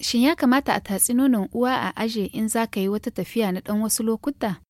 Shin ya kamata a tatsi nonon uwa a aje in za ka yi wata tafiya na ɗan wasu lokuta?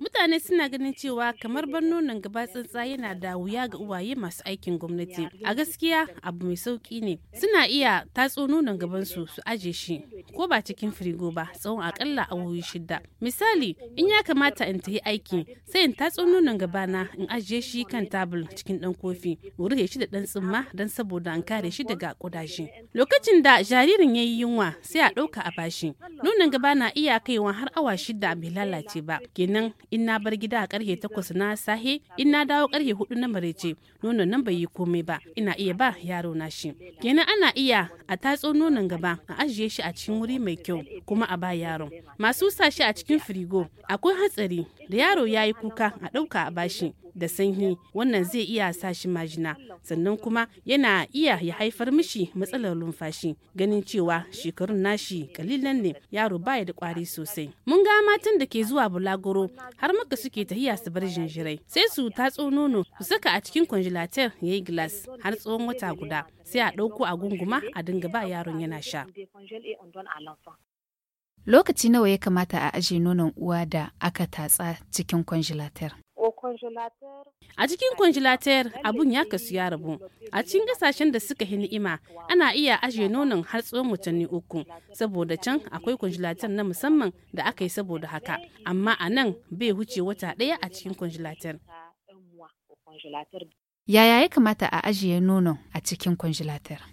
Mutane suna ganin cewa kamar ban nan gaba tsantsa yana da wuya ga uwaye masu aikin gwamnati. A gaskiya abu mai sauki ne. Suna iya tatso nonon gabansu su su aje shi ko ba cikin firigo ba tsawon akalla awowi shida. Misali in ya kamata in tafi aiki sai in tatso nonon na in ajiye shi kan tabul cikin dan kofi. Wuri shi da dan tsumma dan saboda an kare shi daga kudaje. Lokacin da jaririn ya yi yunwa sai a ɗauka a bashi. Nonon gaba na iya kaiwa har awa shida da bai lalace ba kenan in na bar gida a karfe takwas na sahe in na dawo karfe hudu na marece nonon nan bai yi komai ba ina iya ba yaro na shi kenan ana iya a tatso nonon gaba a ajiye shi a cikin wuri mai kyau kuma a ba yaron masu sashi a cikin firigo akwai hatsari da yaro ya yi kuka a ɗauka a bashi da sanyi wannan zai iya sa shi majina sannan kuma yana iya ya haifar mishi matsalar numfashi, ganin cewa shekarun nashi kalilan ne yaro baya da kwari sosai mun ga matan da ke zuwa bulagoro har maka suke tahiya su bar jinjirai sai su tatso nono su saka a cikin congelator yayi gilas har tsawon wata guda sai a ɗauko a gunguma a dinga ba yaron yana sha Lokaci nawa ya kamata a ajiye nonon uwa da aka tatsa cikin kwanjilatar? A cikin kwanjilatar abun ya kasu ya rabu. A cikin kasashen da suka yi ni'ima ana iya ajiye nonon har tsawon watanni uku saboda can akwai kwanjilatar na musamman da aka yi saboda haka. Amma a nan bai wuce wata ɗaya a cikin kwanjilatar. Yaya ya kamata a ajiye nonon a cikin kwanjilatar?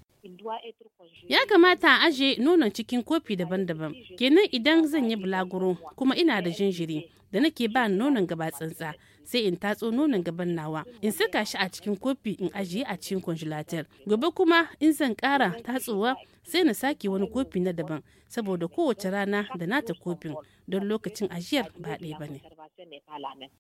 Ya kamata a aje nonon cikin kofi daban-daban. Kenan idan zan yi bulaguro kuma ina da jinjiri da nake ba nonon gaba tsantsa sai in tatso nonon gaban nawa in saka shi a cikin kofi in ajiye a cikin congelator. Gobe kuma in zan kara tatsowa sai na sake wani kofi na daban saboda kowace rana da nata kofin don lokacin ajiyar ba ɗaya ba ne.